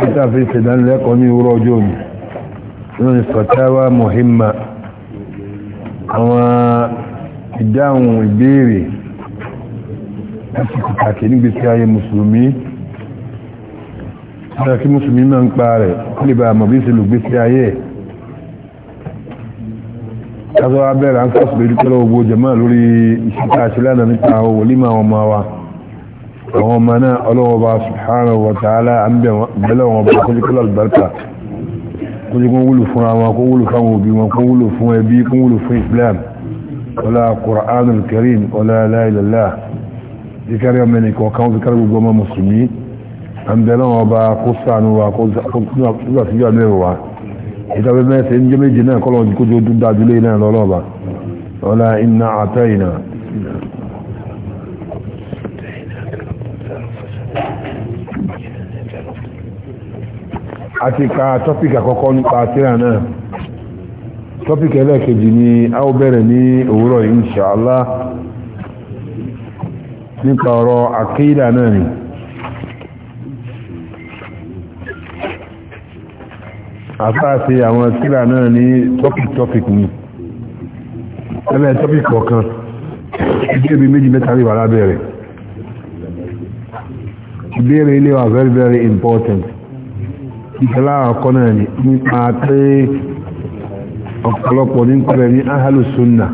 كتاب سيدان لقوني وروجوني من فتاوى مهمة àwọn ìdáhùn ìbéèrè láti pàtàkì nígbé tí ayé mùsùlùmí ọ̀rọ̀ kí mùsùlùmí máa ń pa rẹ̀ kó lè bá àmọ̀ bí sí lùgbé sí ayé kásọ́wà bẹ̀rẹ̀ à ń àwọn ọmọ náà ọlọ́wọ́ba subhanahu wa ta'ala an bẹ̀lẹ̀ wọn bá kójíkọ́lá albarka kójíkọ́ wúlò fún àwọn kó wúlò fún òbí wọn kó wúlò fún ẹbí kó wúlò fún islam ọlá qur'an al-karim ọlá aláìlélá zikari ọmọ ẹni kọ̀ọ̀kan zikari gbogbo ọmọ musulmi an bẹ̀lẹ̀ wọn bá kó sànù àti ka tọ́pìkì àkọ́kọ́ nípa tíra náà tọ́pìkì ẹlẹ́ẹ̀kejì ni a ó bẹ̀rẹ̀ ní òwúrọ̀ inṣàlá nípa ọ̀rọ̀ àkídà náà ni àtàtì àwọn tíra náà ní tọ́pìkì tọ́pìkì ni ẹlẹ́ tọ́pìkì kọ̀ọ̀kan ìgbébi méjì mẹ́ta rí wà lábẹ́rẹ̀ ìbéèrè ilé wa very very important ìgbàlá ọkọ̀ náà ni nípa pé ọ̀pọ̀lọpọ̀ ní pẹ̀lẹ̀ ní ahàlùsúnnà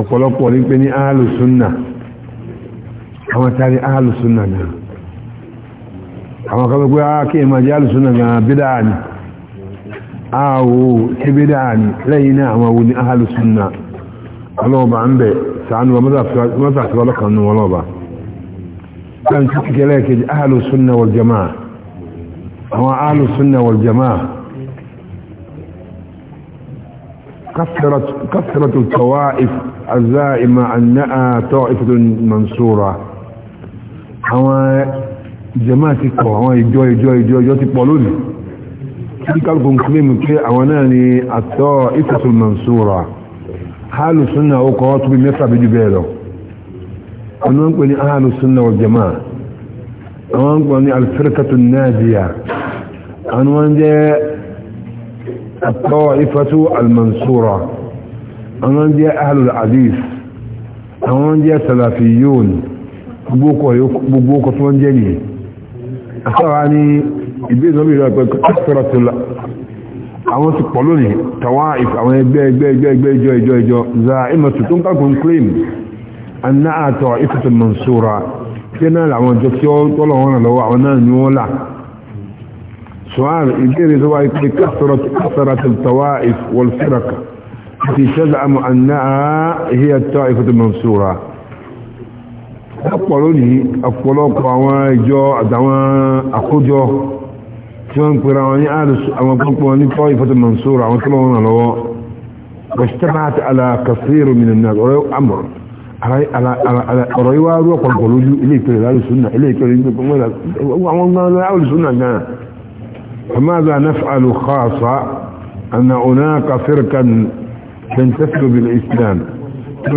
ọ̀pọ̀lọpọ̀ ní pẹ̀lẹ̀ ní ahàlùsúnnà àwọn tàbí ahàlùsúnnà náà àwọn kan gbogbo ah, kí èmà jẹ́ ahàlùsúnnà náà bídá ni àwò tí bídá ni lẹ́yìn náà àwọn wo ní ahàlùsúnnà كان كذلك أهل السنة والجماعة هو أهل السنة والجماعة كثرت كثرت الطوائف الزائمة أنها طائفة منصورة هو جماعة هو جوي جوي جوي جوي تقولون تلك الكونكليم كي أولاني الطائفة المنصورة هل السنة وقوات بمثل بجباله wọ́n pè ní ahàlù súnnà wal jama'a wọ́n pè ní alfirkatun najiya wọ́n jẹ́ at-ta'ifatu al-mansura wọ́n jẹ́ ahàlù al-hadith wọ́n jẹ́ salafiyun gbogbo ọkọ̀ tí wọ́n jẹ́ nìyẹn àtàwà ní ìbéèrè ìrọ̀ pẹ̀ kọ́kọ́rọ̀tìlá àwọn ti pọ̀ lónìí tàwà ìfàwọn ẹgbẹ́ ẹgbẹ́ ẹgbẹ́ ìjọ ìjọ ìjọ zaimatu tó ń kàkùn cream أنها طائفة المنصورة كنا لعوان جسيون ولا هنا لو عنا نيولا سؤال يدير ذوائك كثرة كثرة الطوائف والفرق التي تزعم أنها هي الطائفة المنصورة أقولوا أقولوا قوان جو أدوان أخجو كان قراني آلس أما قلقواني طائفة المنصورة وطلعونا لو واجتمعت على كثير من الناس ولو أمر ọ̀rọ̀ yìí wá rú ọ̀pọ̀lọpọ̀ lójú ilé ìpẹ̀lẹ̀ lálùsùnà ilé ìpẹ̀lẹ̀ lálùsùnà náà فماذا نفعل خاصة أن هناك فرقا تنتسل بالإسلام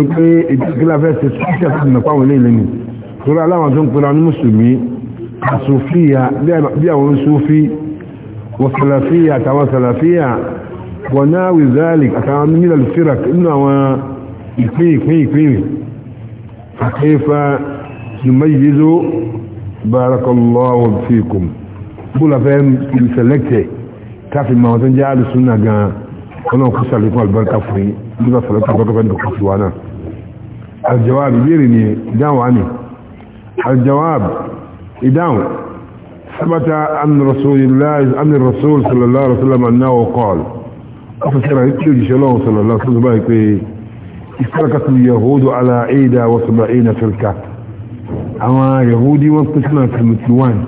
ìgbẹ́gbẹ́lá fẹ́ ṣe ṣíṣẹ́ fún ìmọ̀páwọn ilé ìlẹ́ni torí aláwọn tó ń pèrà ní mùsùlùmí àsòfíà bí àwọn sófí wọ̀sàlàfíà àtàwọn sàlàfíà wọ̀náwì zalik àtàwọn mílẹ̀ fírak nínú àwọn ìpín ìpín ìpín فكيف نميز بارك الله فيكم بولا فهم سلكت كافي ما وزن جعل السنة قال ولو كسر لكم البركة فيه بولا سلكت البركة فين بكسوانا الجواب بيرني داو عني الجواب إداو ثبت أن رسول الله أن الرسول صلى الله عليه وسلم أنه قال أفسر هتلو جيش الله صلى الله عليه وسلم اشتركت اليهود على عيدة وسبعين فرقة اما يهودي وانقسمها في المتلوان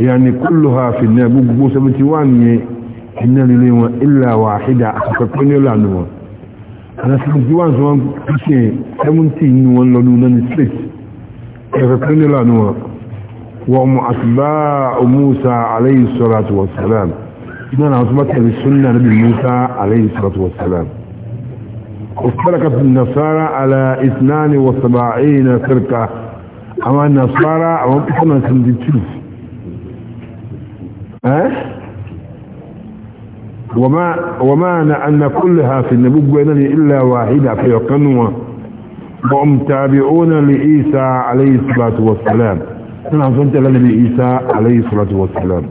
يعني كلها في النار بقبوس المتلوان إن لليوم إلا واحدة أفكرني ولا نوع أنا في المتلوان سوان كشي سمنتين نوان لنونا نسلس أفكرني ولا نوع وهم أتباع موسى عليه الصلاة والسلام إننا أصبت السنة نبي موسى عليه الصلاة والسلام افترقت النصارى على 72 فرقة اما النصارى اثنان 72 اه وما وما ان كلها في النبوة الا واحدة في قنوة وهم تابعون لعيسى عليه الصلاة والسلام انا عزمت لنبي عيسى عليه الصلاة والسلام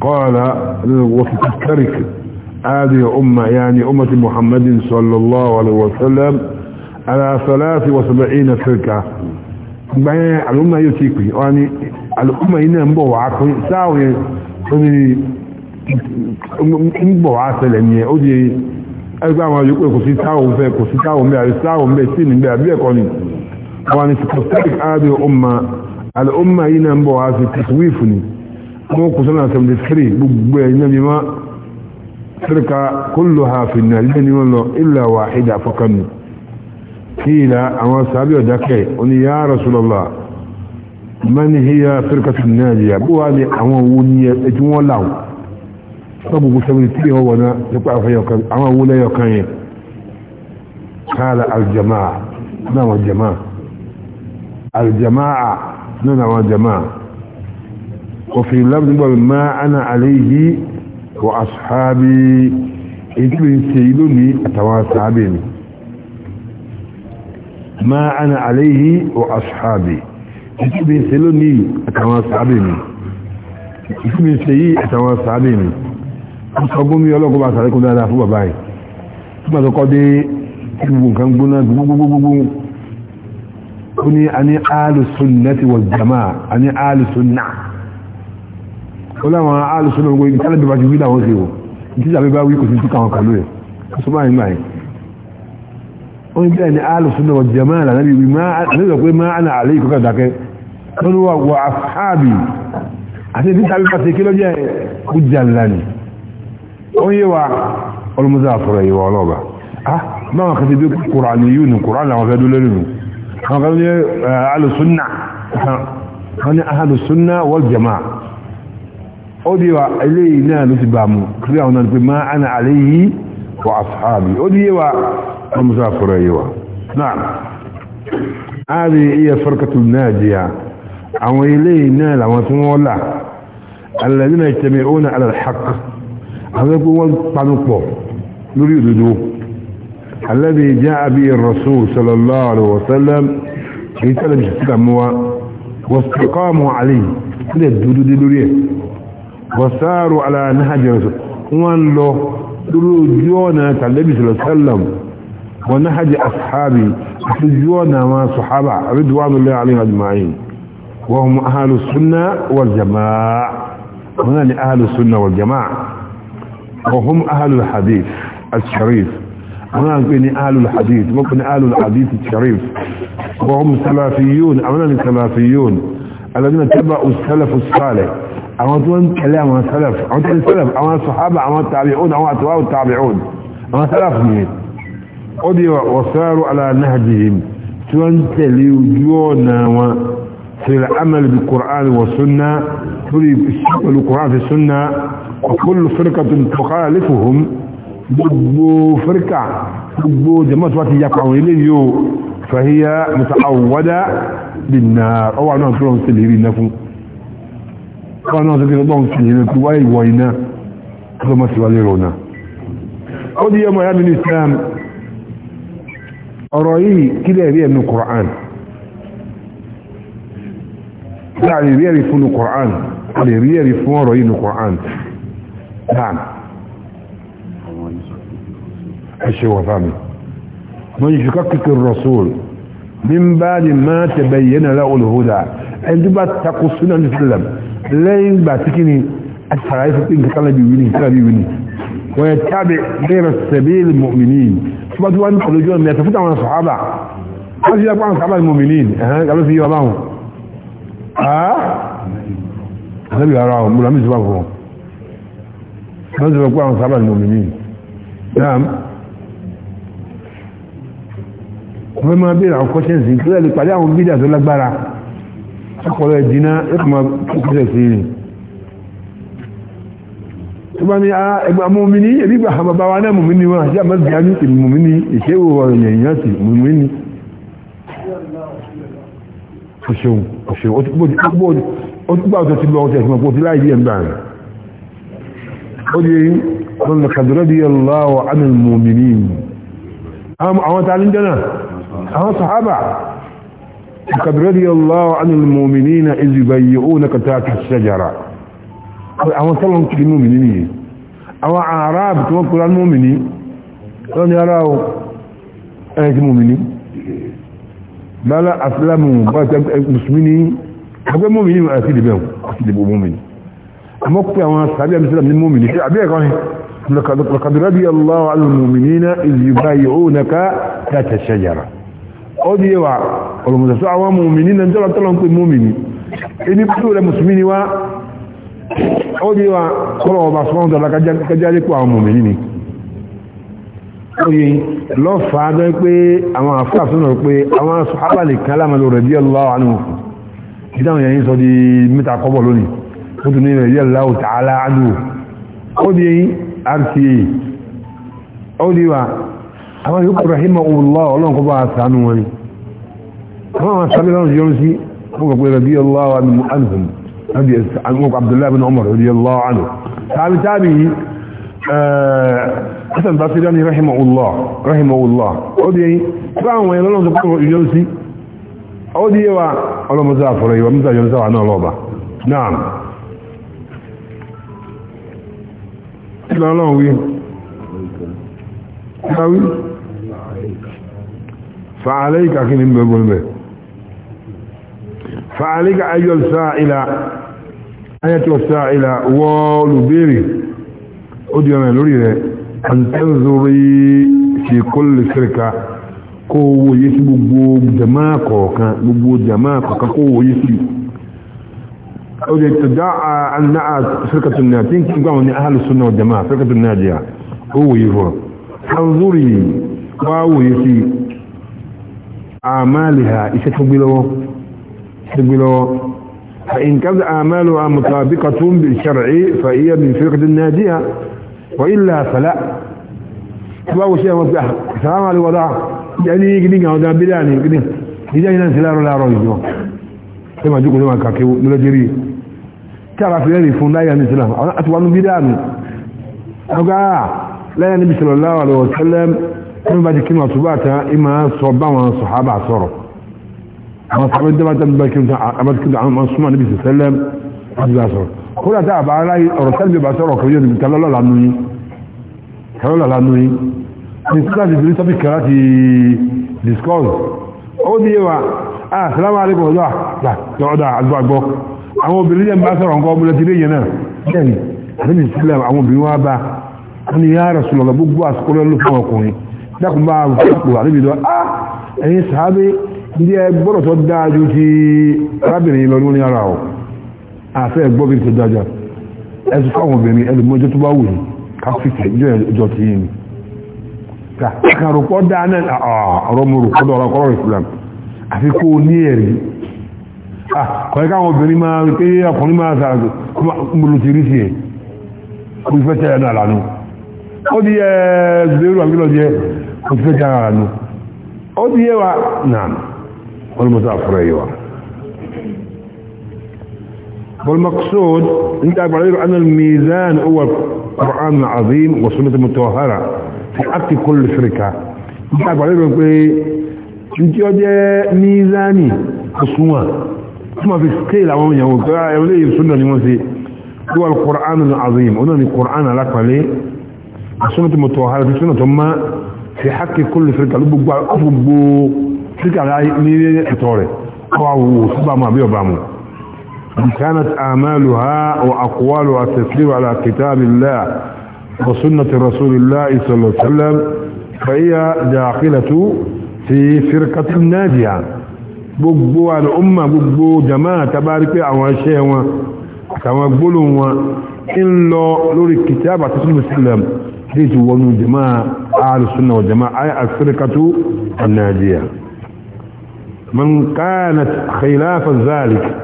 قال وفي تركت هذه أمة يعني أمة محمد صلى الله عليه وسلم على ثلاث وسبعين فرقة يعني الأمة يتيكي يعني الأمة هنا مبوعة ساوي مبوعة سلمية أودي أربع ما يقول كسي ساوي فيه كسي ساوي مبيع ساوي مبيع سين مبيع بيقوني يعني تكتلك هذه أمة الأمة هنا مبوعة تسويفني مو كسنا 73 بقبع نبي ما تركا كلها في النار لن يقول إلا واحدة فقن قيل أما صحابي ودكي قل يا رسول الله من هي فرقة النادية بو هذه أما ونية أجمع الله طب قسم لي هو أنا يقع في يوكان أما ولا يوكان قال الجماعة نعم الجماعة الجماعة نعم الجماعة وفي لفظ ما أنا عليه وأصحابي إذن سيلني أتواصابين ما أنا عليه وأصحابي إذن سيلني أتواصابين إذن سيي أتواصابين أصحابهم يولوكم أصحابكم دادا فوق باي ثم تقضي gbogbo nǹkan gbóná gbogbogbogbogbò ó ní a ní alùsùn náà ti wọ̀ jama a ní alùsùn náà ó láwọn alùsọ́nà gbogbo ibi tálẹ́bí bá ti wí làwọn ṣe wò ìtí ìjàmbá bá wí kò sí túkà wọn kàlú ẹ̀ kó sọ báyìí báyìí ó ní bẹ́ẹ̀ ni alùsọ́nà wọ jẹ́mọ́ àlà níbi wí àlejò pé máa àná àlẹ́ ìkọ́kà dákẹ́ lọ́nà wà wọ àfáàbì àti ìtí ìjàmbá bá ti kí lọ́jọ́ ẹ̀ kú jàǹlá ni ó yé wa ọlọ́mọdé àfọ̀rọ̀ ìwà ọlọ́ba ah báwọn kan ti dé kùránì àwọn fẹ́ ní alùsọ́nà wọ́n ní alùsọ́nà ó di wa eléyìí náà ló ti bá mu kí àwọn náà pé máa ana àléyìí wa ashabi ó di wa ọmọsá fúra yìí wa náà ààrẹ iya farkatu najiya àwọn eléyìí náà làwọn tí wọ́n là alẹ́lẹ́ náà tẹ̀mẹ̀ ó na alẹ́ haq àwọn ẹgbẹ́ wọn panu pọ̀ lórí òdodo alẹ́bí já àbí rasul sallallahu alaihi wasallam èyí tẹ́lẹ̀ bí sísà mú wa wọ́n kọ́ mọ́ àlè sílẹ̀ dúdú dé lórí ẹ̀ وساروا على نهج رسول وان له تلبي صلى الله عليه وسلم ونهج أصحابي جونا ما صحابة رضوان الله عليهم أجمعين وهم أهل السنة والجماعة هنا أهل السنة والجماعة وهم أهل الحديث الشريف هنا نكون أهل الحديث ممكن أهل الحديث الشريف وهم سلافيون أولا السلافيون الذين تبعوا السلف الصالح أما تقول كلام أما سلف أما تقول سلف أما الصحابة أما التابعون أما أتباه التابعون أما سلف مين قد وصاروا على نهجهم تونت ليجونا في العمل بالقرآن والسنة تري القرآن في السنة وكل فرقة تخالفهم ضد فرقة ضد جماعة وقت يقعوا إليه فهي متعودة بالنار أو أنهم كلهم سلهي wọn náà sọ pé ọlọ́run ti yẹn pé wáyé ìwọ iná tó mọ́ sí wálé rọ̀nà ó di ọmọ yàmì ní Islam ọ̀rọ̀ yìí kílẹ̀ rí ẹnu Qur'an láàrin rí ẹ̀rí fún Qur'an a lè rí ẹ̀rí fún ọ̀rọ̀ yìí ní Qur'an dáàmù ẹ̀ṣẹ̀ wọ̀ fámi wọ́n yìí ṣùkọ́ kíkẹ́ rọ̀sùl min bá ní máa tẹ̀bẹ̀yẹ̀ náà láwọn olùhúdà ẹni tó bá takò súnà ní sílẹ̀mù lẹ́yìn ìgbà tí kí ni àti fàráyé fún pé nǹkan lábí wí ní lábí wí ní wọ́n yẹ tábẹ̀ bẹ́ẹ̀rẹ̀ sẹ̀bẹ́ẹ̀lì mọ̀mìnì tí wọ́n tí wọ́n ń pẹ̀lú ojú ọmọ ẹ̀sẹ̀ fún àwọn sọ̀hábà wọ́n ti yẹ pàwọn sọ̀hábà mọ̀mìnì ẹ̀hán kàló fi yọ báwọn àtàbí ara wọn múra mí sọ́bà fún wọn ti sọ pé àwọn sọ̀hábà mọ̀mìnì náà wọ́n máa bèèrè àwọn kọ́ṣẹ́ǹsì kí ọpọlọ ìdínà ẹkùnmọ̀ kíkẹ́ sí ni tó bá ní ẹgbà mọ́mìnì ẹ̀rígbà àbàbà wa náà mọ́mìnì wọn àti àmọ́síyá ní ìlú mọ́mìnì ìṣẹ́wò ọ̀rọ̀ èèyàn sí mọ́mìnì ọ̀ṣun ọ̀ṣun ọ̀túgbà ọ̀tọ̀ ti lọ ọ̀tẹ̀ ìfìmọ̀ pọ̀ sí láì díẹ̀ gbà rẹ̀ ó di ọ̀rọ̀ lọ́kàdúrọ́ àwọn mọ́mìnì àwọn àwọn sàhábà لقد رضي الله عن المؤمنين اذ يبيعونك تحت الشجرة او سلام تجي المؤمنين او اعراب توكل المؤمنين لن يروا ايه المؤمنين بلا اسلموا بس المسلمين كم مؤمنين اكيد بهم اكيد بهم مؤمنين اما كنت اوان صحابي المسلم المؤمنين في عبيه قوي لقد رضي الله عن المؤمنين اذ يبايعونك تحت الشجرة اوديوا ọlọ́mọdé sọ àwọn mùmìnì náà jọ́lọ́ tọ́lọ́ ń pè mùmìnì ẹni pẹ̀lú rẹ̀ mùsùlùmí ni wá ó di wa kọ́lọ̀ ọba sọ́wọ́n dọ̀la kájáde pọ̀ àwọn mùmìnì ni ó yẹ lọ́fàá dọ́ pé àwọn afáàfin náà pé àwọn sọ́hábà lè kán lámàlú rẹ̀ bí ọlọ́wọ́ àánú ìdáhùn yẹn sọ di mẹ́ta kọ́bọ̀ lónìí ó tún ní rẹ̀ bí ọlọ́wọ́ tààlà àánú ó di rta ó di wa àwọn yòókù ọlọ́nkọ́ bá a wọn ni ما صلى الله عليه وسلم يقول رضي الله عنهم ابي عبد الله بن عمر رضي الله عنه تابي تابي حسن بصري رحمه الله رحمه الله ودي فاهم وين لون تقول يوسي ودي وا ولا مزافر ايوه مزافر يوسف انا لوبا نعم لا لا وين فعليك اخي من بقول فعليك أيها السائلة أيها السائلة والبيري أدي من لوري أن تنظري في كل شركة كو يسبب جماعة كان بوب جماعة كان كو يسبب أدي تدعى أنها شركة الناجين كم قاموا أهل السنة والجماعة شركة الناجية هو يفهم تنظري واو يسي أعمالها إيش تقبلوه تقولوا فإن كانت أعمالها مطابقة بالشرع فهي من فرقة النادية وإلا فلا تباو شيء وضعها السلام على الوضع يعني يقدين هذا بلاني يقدين إذا إنا انسلار لا رأي جوا كما جوكو لما كاكيو ملجري ترى في هذه فون لا يعني السلام أنا أتوانو بلاني أقول لا يعني بسم الله عليه وسلم كما بعد كلمة صباتها إما صبا وصحابة صرف àwọn sàbẹ̀ jẹ́ bá tẹ́lẹ̀ bá kí n sọ àbájúkúta àwọn mọ́súnmọ́ níbi ìsẹ̀sẹ́lẹ̀ àdúgbà sọ̀rọ̀ kódà tá àbá aláì ọ̀rọ̀ tẹ́lẹ̀ bá sọ̀rọ̀ kò yóò níbi tẹ́lọ́lọ́ lánú yín tẹ́lọ́lọ́ lánú yín ní sílá ti fi tọ́pì kẹ́lá ti discourse ó ní wa ah salamu alaikum ọjọ́ àtọ́dà àgbàgbọ́ àwọn obìnrin yẹn bá sọ̀rọ̀ nǹkan ọmọdé ti rí yẹn náà bẹ́ẹ̀ni àdébì sílẹ̀ àwọn obìnrin wá ni yára sùlọ̀ gbogbo àsìkò lọ́lọ́ fún ọkùnrin dákùnbá àrùn fún ọkùnrin ah ẹ̀yin sàábé ndị ẹ tó dáájú ti arábìnrin lọ ní ara ọ̀ àfẹ́ ẹgbọ́ tó dájá ẹ̀sùn káwọn obìnrin ẹlùmọ́jọ́ tó bá wù ní káfíkẹ̀ ìjọ ẹjọ́ ti yìí ni kàkàrùpọ̀ dáná àrọ́mọrù kọ́dọ̀ ọ̀rọ̀kọ́rọ̀ Islam àfi kó ní ẹ̀rí kọ̀ẹ́ obìnrin máa rí pé ọkùnrin máa والمزافر ايوه والمقصود انت بعير ان الميزان هو القرآن العظيم والسنة المتوهرة في عقد كل شركة انت ان انت يوجد ميزاني خصوان ثم في سكيل امام يقول يولي السنة لمنسي هو القرآن العظيم هنا القرآن لك ولي السنة المتوهرة في سنة ثم في حق كل شركة لبقى أفبو síkàrá ní ẹ̀tọ́ rẹ̀ kọwàwò síbàmù àbí ọ̀bàmù كانت آمالها وأقوالها التسليم على كتاب الله وسنة رسول الله صلى الله عليه وسلم فهي داخلة في فرقة ناجية gbogbo al'umma gbogbo jama'a ta bá rí pé àwọn iṣẹ́ wọn àtàwọn gbólóhùn wọn in lọ lórí kìtàbà tó sílùmí sílùm tí ìtù wọnú jama'a alùsùnà wa jama'a ay alfirkatu a nàìjíríà من كانت خلاف ذلك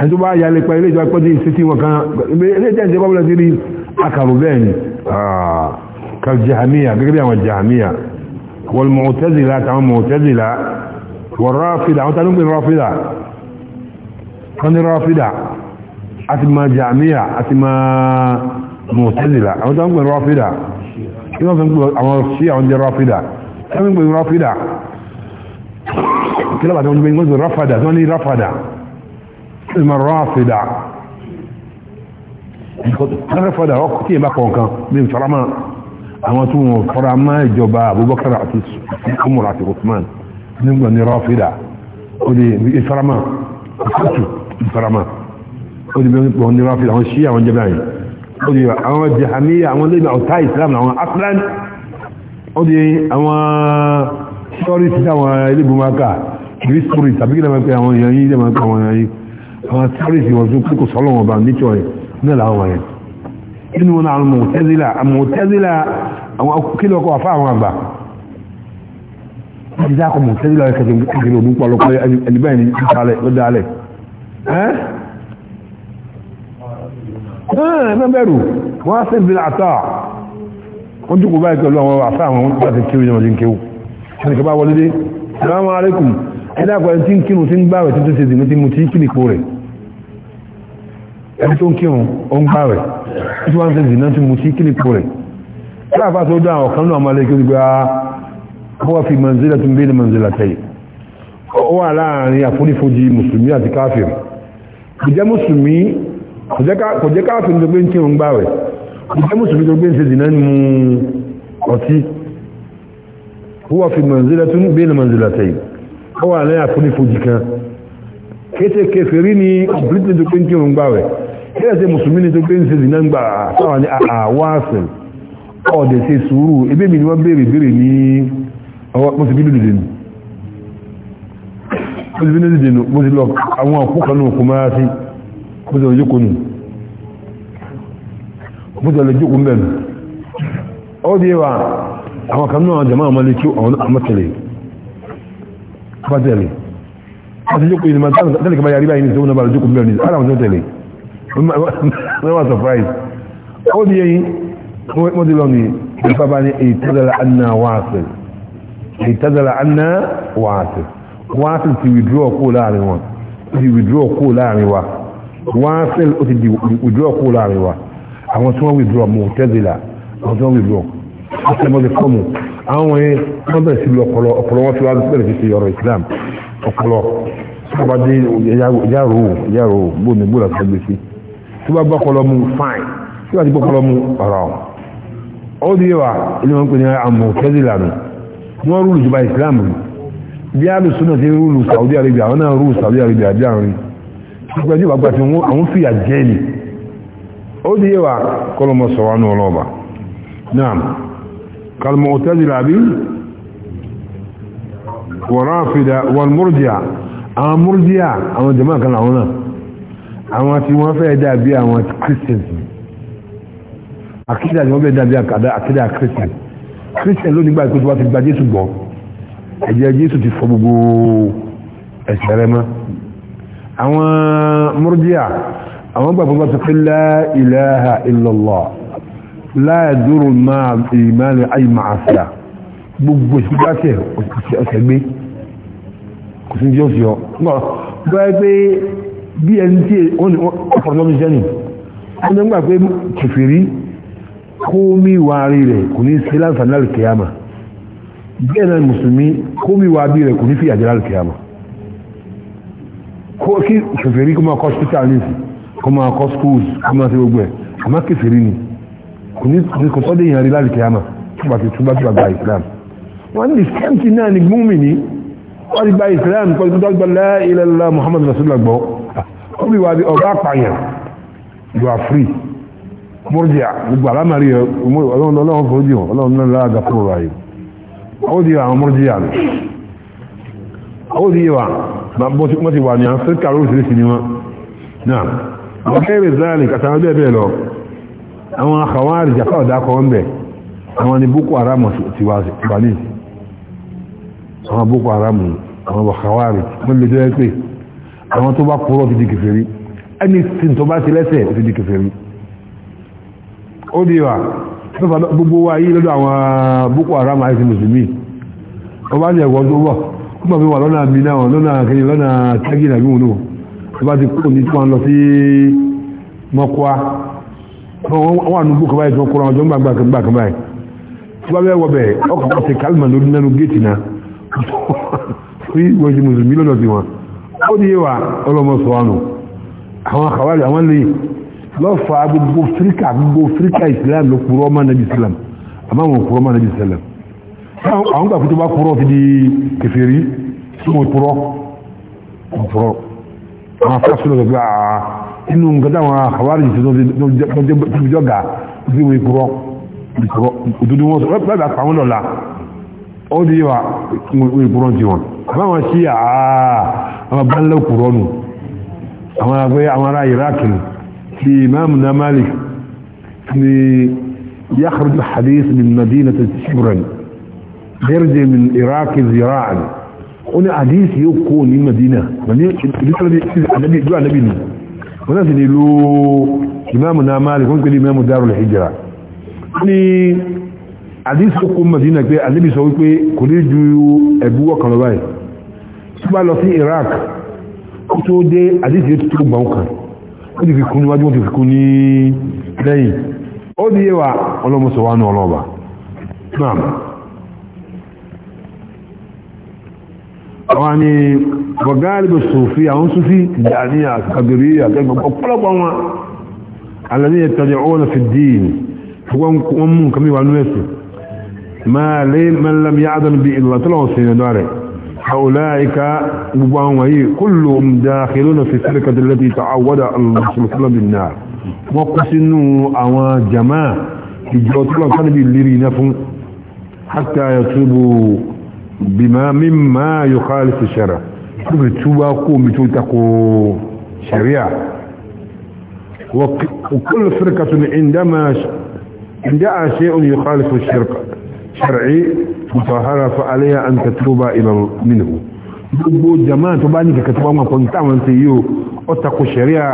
انتو با يالي با يالي با دي ستي وكان ليه جانجي بابلا دي لي اكارو بين آه. كالجهمية قريبا والجهمية والمعتزلة تعمل معتزلة والرافدة وانت نوم بين كان رافدة اتما جهمية اتما معتزلة وانت نوم بين رافدة كيف نوم بين رافدة كيف نوم بين كلا بعد ما نقول رفض ثاني رفض اسم الرافض رفض وقتي ما كون كان من فرما àwọn tó wọn fọ́ra má ìjọba Abubakar àti Umar àti Uthman nígbà ní rọ́fídà ó di ìfarama ìfútù ìfarama ó di bẹ́ẹ̀ ní rọ́fídà àwọn ṣí àwọn jẹ́bẹ̀ yìí ó di àwọn jahamiya àwọn àwọn sọ́rí sí àwọn ilébù máa kà gírí sọ́rí tàbí kí lẹ́mọ̀ pé àwọn èèyàn yìí lẹ́mọ̀ pé àwọn èèyàn yìí àwọn sọ́rí sí wọ́n tún kókò sọ́lọ́ wọn bá níjọ́ ẹ̀ náà làwọn wọ̀nyẹ inú wọn àwọn mọ̀tẹ́zílà mọ̀tẹ́zílà àwọn kílọ̀ ọkọ̀ àfá àwọn àgbà ìdíjà kọ mọ̀tẹ́zílà ẹ̀ kẹsẹ̀ kẹsẹ̀ lòdún pọ̀ lọ́pọ̀ ẹni bẹ́ẹ̀ ni ló dálẹ̀ ẹ́ ẹ́ bẹ́ẹ̀rù wọ́n á sì bí àtọ́ wọ́n dúkù báyìí pẹ̀lú àwọn àfá àwọn wọ́n ti kéwì náà wọ́n ti kéwì ẹnìkan bá wọlé dé salamu alaikum ẹ̀dá àpẹẹrẹ tí ń kírun tí ń gbààwẹ̀ tí tó ṣe zìnà tí mo ti kí nìpo rẹ̀ ẹni tó ń kírun ó ń gbààwẹ̀ tí wọ́n ń ṣe zìnà tí mo ti kí nìpo rẹ̀ ẹ̀dá tó dá ọ̀kan náà máa lẹ́kẹ́ gbogbo àwọn ah, fi manzila tún bẹ́ẹ̀ manzila tẹ́yì ó wà láàrin àfonífojì mùsùlùmí àti káfíìn kò jẹ́ mùsùlùmí kò jẹ́ káfíìn tó gbé ń kírun gbààwẹ̀ kò jẹ́ mùsùlùmí tó gbé ń ṣe zìnà mu ọtí huwa fi manzilatun bayna manzilatayn ó wà lẹ́yìn àfonífojì kan kéte kèfèrí ni britain tó pé ń kírun gbà rẹ̀ kéte ṣe mùsùlùmí ni tó pé ń ṣe zìnà gbà àtàwọn ní àwọn àṣẹ ọ̀dẹ̀ ṣe sùúrù ebí mi ni wọ́n béèrè béèrè ní ọwọ́ mo ti bí lùdìdì nù mo mo ti lọ àwọn òkú kan náà kò máa sí mo ti lọ jókòó nù mo ti lọ jókòó mbẹ̀ wa àwọn kan náà jama àmàlẹ́ kí àwọn àmàtẹ̀lẹ̀ àmàtẹ̀lẹ̀ àti jókòó ìlú máa tẹ́lẹ̀ kí máa yàrí báyìí ní ìṣẹ́wọ́n náà jókòó mílíọ̀nù ara àwọn tẹ́lẹ̀ wọ́n wá surprise ó di yẹn wọ́n ti lọ ní ìfà bá ní ìtẹ́dàlà anna wáṣẹ̀ ìtẹ́dàlà anna wáṣẹ̀ wáṣẹ̀ ti withdraw kó láàrin wọn ti withdraw kó láàrin wa wáṣẹ̀ ó ti withdraw kó láàrin wa àwọn tí wọ́n withdraw mọ̀ tẹ́dàlà àwọn tí àtẹ̀mọ́ lè fọ́ọ̀mù àwọn yẹn wọ́n bẹ̀rẹ̀ sí lu ọ̀pọ̀lọ ọ̀pọ̀lọ wọn ti wá bẹ̀rẹ̀ sí ti ọ̀rọ̀ Islam ọ̀pọ̀lọ tó bá dé yàrá o yàrá o bó ni bó la fẹ́ gbé sí tó bá gbọ́kọlọ mu fine tó bá ti gbọ́kọlọ mu ọ̀rọ̀ ó di wa ilé wọn pè ní àmọ̀ kẹ́sì lànà wọn rúlù jùlọ Islam bí a lè súnà sí rúlù Saudi Arabia àwọn náà rúlù Saudi Arabia bí àwọn rí ṣùgbọ́n ìjọba gbà tí àwọn fìyà jẹ́ ni ó di wa kọ́lọ́mọ sọ̀rọ̀ àánú ọlọ́ọ̀bà náà كالمعتزلة بي ورافدة والمرجع اما مرجع اما جماعة كانوا هنا اما تيوان فيدا بي اما كريستيان akídà ni wọ́n bẹ̀rẹ̀ dàbí akídà christian christian ló nígbà ìkótó wá ti gba jésù gbọ́ ẹ̀jẹ̀ jésù ti fọ gbogbo ẹ̀ṣẹ̀ rẹ̀ mọ́ àwọn mọ́rọ́díà àwọn gbàgbọ́ bá sọ pé la ilaha illallah láyà dúró máa ìmáàlì ayé máa fìyà gbogbo ìsìnkú ọ̀sẹ̀ gbé kò sí jẹ́ òsì ọ́ gbọ́ ẹ pé bí ẹni tí ọ̀pọ̀lọpọ̀ jẹ́ nì wọ́n tó ń gbà pé kẹfìrí kó mi wá rí rẹ̀ kò ní sí láǹfààní lálùkẹ́yàmà bẹ́ẹ̀ náà mùsùlùmí kó mi wá bí rẹ̀ kò ní fi àjẹ́ lálùkẹ́yàmà kí kẹfìrí kó máa kọ́ hospital nìsí kó máa kọ́ schools kó máa ṣe gbogbo ẹ̀ àmọ́ kẹfìrí ni kò sọ́dọ̀ èèyàn rí láti kìámà túbà ti túbà túbà gba islam wọ́n ní ìsẹ́ǹtì náà ni gbúmi ní wọ́n ti gba islam pẹ̀lú tó gba la ilaha illallah muhammadu rasulullah gbọ́ ó bí wà bí ọ̀gá àpàyàn you are free mọ́rọ̀dì gbogbo alámàrí ọlọ́run lọ́wọ́ fòójì hàn ọlọ́run náà láàgà fún ọ̀rọ̀ ayé ó di àwọn mọ́rọ̀dì àmì ó di wà wọ́n ti wà ní àfíríkà lóríṣiríṣi àwọn àkàwárí jàpá ọ̀dákọ̀ wọ́n bẹ̀ àwọn ni boko haram ti wà ní àwọn boko haram àwọn àkàwárí wọ́n lè jẹ́ pé àwọn tó bá kúrò ti di kèfèrí ẹni tí tó bá ti lẹ́sẹ̀ ti di kèfèrí ó di wà gbogbo wa yí lọ́dọ̀ àwọn boko haram àti mùsùlùmí ó bá ní ẹ̀wọ̀n tó bọ̀ kúmọ̀ fi wà lọ́nà àmì náà lọ́nà akẹni lọ́nà tágì nàbí wọ́n wà nùgbò kọ́báyé tó kọ́ra ọjọ́ gbàgbà kọ́báyé tí wọ́n bẹ́ wọ́ bẹ̀ ọkọ̀ kan ṣe kálmà lórí nínú géètì náà tí wọ́n ṣe mùsùlùmí lọ́dọ̀ sí wọn ó ní wà ọlọ́mọ sọ wọn nù àwọn àkàwárí àwọn lè lọ́fà gbogbo fíríkà gbogbo fíríkà islam ló kúrọ́ ọmọ nàbì islam àmọ́ àwọn kúrọ́ ọmọ nàbì islam àwọn gbà kútó bá kúrọ́ fi di kẹfẹ́rí tí wọ́n kúrọ́ kúrọ́ àwọn afẹ́ inú nǹkan táwọn àwárí ti tó jọ́gà sí wọn ìkúrọ́ òdúdú wọn sọ pẹ́lú àpàwọn lọ́la ó di wà wọn ìkúrọ́ ti wọn àbáwọn sí àwọn bánlẹ̀ òkúrọ́ nù àwọn agbẹ́ àwọn ará iraq nù ti imam na malik ni يخرج الحديث من مدينة شبرا يرجع من العراق زراعا هنا حديث يكون من مدينة مدينة النبي wọn náà sì ní ìlú ìmáàmù náà Malik wọ́n pẹ̀lú ìmáàmù Darul Hijra ní àdísọ́kún Madina pé àníbi sọ wípé kò ní ju ẹ̀bú ọkàn lọ báyìí tó bá lọ sí Iraq kó tó dé àdísì tó gbà ọkàn ó ti fi kún àwọn ni وغالب الصوفية هم صوفي تجانية قدرية أطلقوا ما الذين يتجعون في الدين وهم كمي والنوسي ما لين من لم يعدم بي إلا طلعوا سينا داري أولئك مباهم وهي كلهم داخلون في السلكة التي تعود الله صلى الله عليه وسلم بالنار وقسنوا أوان جماعة يجوت الله كان بالليرين حتى يصيبوا بما مما يخالف الشرع tó fi túbá kó omi tó takò sharia وكل فرقة عندما عندها شيء يخالف الشرق شرعي مطهرة فعليها أن تتوب إلى منه gbogbo jama tó bá ní kẹkẹtọ́ bá mọ̀kọ̀ níta wọn ti yíò ó takò ṣẹ̀ríà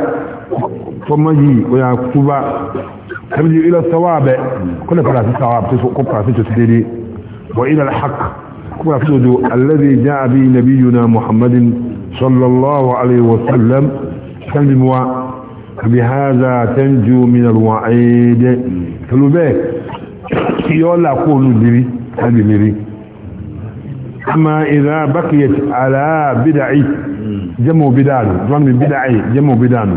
tọ́mọ́jì òyà túbá tàbí ilẹ̀ sọ́wọ́ abẹ kọ́lẹ̀ padà sí sọ́wọ́ abẹ tó kọ́ padà sí tó ti dédé wọ ilẹ̀ haka وفد الذي جاء به نبينا محمد صلى الله عليه وسلم سلم بهذا تنجو من الوعيد قالوا به يولا قولوا دري هذه لري أما إذا بقيت على بدعي جمو بدان ظن بدعي جمو بدعي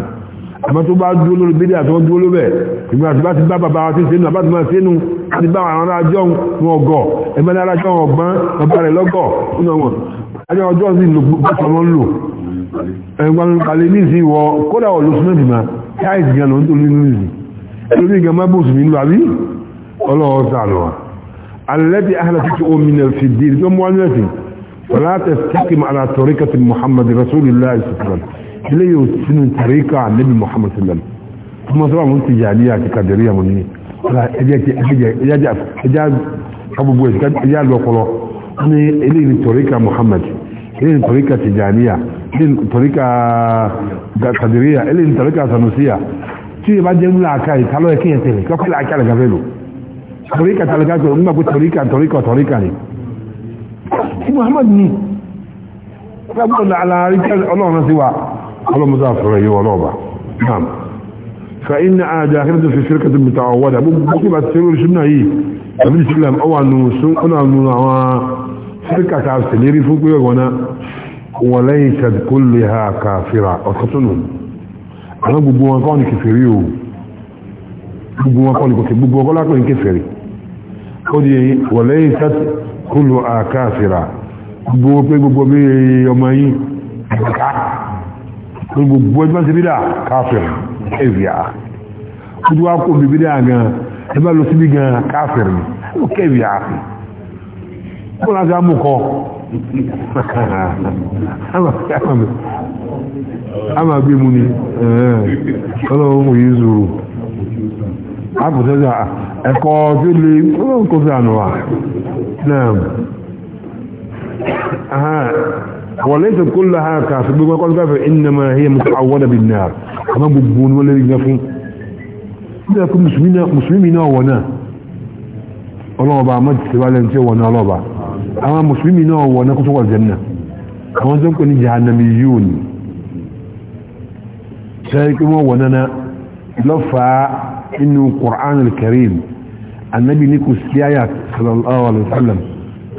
àmọ́ tó bá dúró lórí bídí àti wọ́n dúró lóbẹ̀ ìgbà tí bá ti bá bàbá wa ti sínú àbá ti máa sínú àti bá àwọn arájọ́ wọn ọgọ̀ ẹgbẹ́ ní arájọ́ wọn ọgbọ́n ọba rẹ̀ lọ́gọ̀ nínú wọn ajọ́ ọjọ́ sí lò bọ́sọ̀ wọn lò ẹgbẹ́ kalẹ̀ ní ìsìn wọ kódà wọ̀ ló súnmọ́ ìdìmọ̀ káì gan ló ń tó nínú ìsìn lórí ìgbà má bùsùn nínú àbí ọlọ́wọ́ sànù wa alẹ́bí ahàlà ti ti omi nà fi dì ilé yóò sínú tàríkà níbi Muhammad sallam kuma sọ́wọ́ mú ti jàní àti kàdìríyà mú ní ẹjá agbogbo ẹ̀sì ẹjá lọ́pọ̀lọ́ ní ilé ní tàríkà Muhammad ilé ní tàríkà tijaniya ilé ní tàríkà kàdìríyà ilé ní tàríkà sanusiya tí ìbá jẹ́ ńlá àká ìtàlọ́ ẹ̀kí yẹn tẹ̀lé kọ́kọ́ àká lẹ́gàfẹ́ lò tàríkà tàríkà tó ń gbàgbé tàríkà tàríkà tàríkà ni ọlọ́run sí wa على مضاف إليه ولوبة نعم فإنها داخلة في شركة متعودة ممكن أتسيروا لشبنا هي أبن السلام أو أنه أنا أنه شركة تعرف سنيري فوق يقولنا وليست كلها كافرة أتخطنهم أنا ببوان قاني كفريو ببوان قاني كفريو ببوان قاني كفريو قولي وليست كلها كافرة ببوان قاني كفريو ببوان gbogbo ẹgbẹ́ ti bídà káfíìn kẹ́fìá ojú wa kó bíbí dáa gan ẹ bá lọ síbi gan káfíìn ó kẹ́fìá kó láti á mú kọ ama gbé mu ni ọlọ́run kò yí zuru àpòtẹ́sà ẹ̀kọ́ tí lè ọlọ́run kò sí ànúwà náà وليست كلها كافر بيقول كافر انما هي متعوده بالنار اما بون ولا يغفون ده كل مسلمين مسلمين وانا الله با ما تسوال انت وانا الله با اما مسلمين وانا كنتوا الجنه كما زنكم جهنميون شايكم وانا لفا انه القران الكريم النبي نيكو سيايات صلى الله عليه وسلم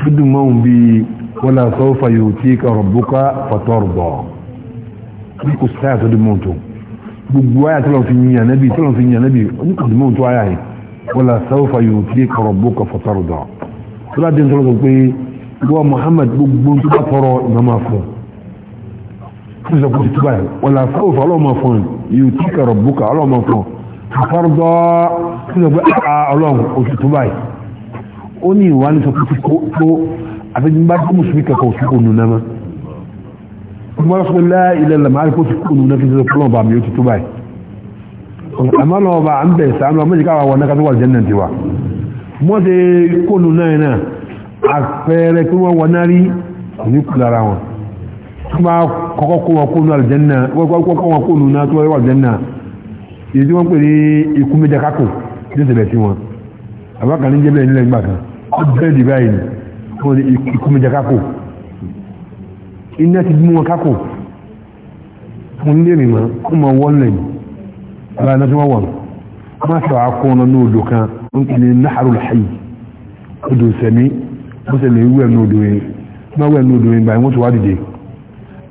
بدون ما هم بي ولا سوف يؤتيك ربك فترضى kò sí àyà tó di mọ́ tó gbogbo àyà tó lọ fi yìnyà nẹ́bí tó lọ fi yìnyà nẹ́bí ní kò di mọ́ tó àyà yìí wala sawfa yu'tika rabbuka fatarda tó láti tó lọ sọ pé wọ́n Muhammad gbogbo tó bá tọrọ ìmọ̀ máa fún tó sọ pé tó báyìí wala sawfa ọlọ́mọ fún yu'tika rabbuka ọlọ́mọ fún fatarda tó sọ pé ah, ọlọ́mọ oṣù tó báyìí ó ní ìwà ní sọ pé àti bá tí mùsùlùmí kankan ò sí kò nù náà mọ́ wọ́n fún láà ilẹ̀ lamari kó ti kò nù náà fi sọ pọ́lọ̀ bá mi ó ti tó báyìí àmọ́ lọ bá ń bẹ̀ sàánú àmọ́jì káwà wọn náà wà jẹ́nà tiwa mọ́ ti kò nù náà náà àpẹẹrẹ pé wọ́n wọná rí ní kù lára wọn tó bá kọ́kọ́ kó wọn kó nù àlùjẹ́nà wọ́n kọ́kọ́ wọn kó nù náà tó wọ́n wà jẹ́nà èyí tí wọ́n pè ní ikú méjà kákò ní ìṣẹ̀lẹ̀ sí wọn àbákan ní jẹ́bẹ̀ẹ́ nílẹ̀ nígbà kan ó bẹ́ẹ̀ dì báyìí wọ́n lè ìkúmìjà kákò iná ti mú wọn kákò fún lè rìn mọ́ kó mọ wọ́n lè ní ara ẹ̀nà tí wọ́n wọ̀n má sọ àkóọ́nà ní odò kan ń kìlì náàrù láàyè odò sẹ̀mí ó sì lè wẹ̀ ní odò yẹn má wẹ̀ ní odò yẹn báyìí wọ́n ti wá dìde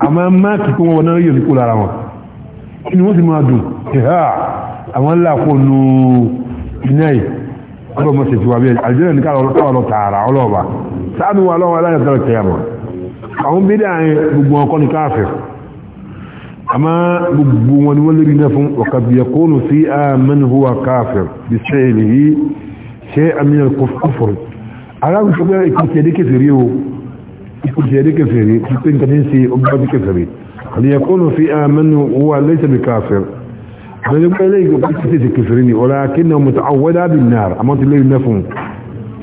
àmọ́ má kí kó wọn náà yẹ̀ nípò lára wọn kí ni wọ́n sì máa dùn ẹ̀hà àwọn ńlá kó iná yìí ọlọ́mọ ṣètìwá bí ẹ̀ àjẹ́rẹ̀ ní ká sáànù wà lọ́wọ́ aláìsàn kìyàmọ̀ àwọn bí dáa gbogbo ọkọ ní káàfẹ́ àmá gbogbo wọn ni wọ́n lè rí náà fún ọ̀kàbíyà kóònù sí àmàn huwa káàfẹ́ bí sẹ́ẹ̀lì yìí ṣe àmìnà kọfọ́fọ́rọ̀ aláwọ̀ sọ pé ìkùtẹ̀ẹ́dẹ́ kẹfẹ̀rí o ìkùtẹ̀ẹ́dẹ́ kẹfẹ̀rí pípé nǹkan ní ṣe ọgbọ́n kẹfẹ̀rí àlìyà kóònù sí àmàn huwa lẹ́sẹ̀ bí káàfẹ́ àmì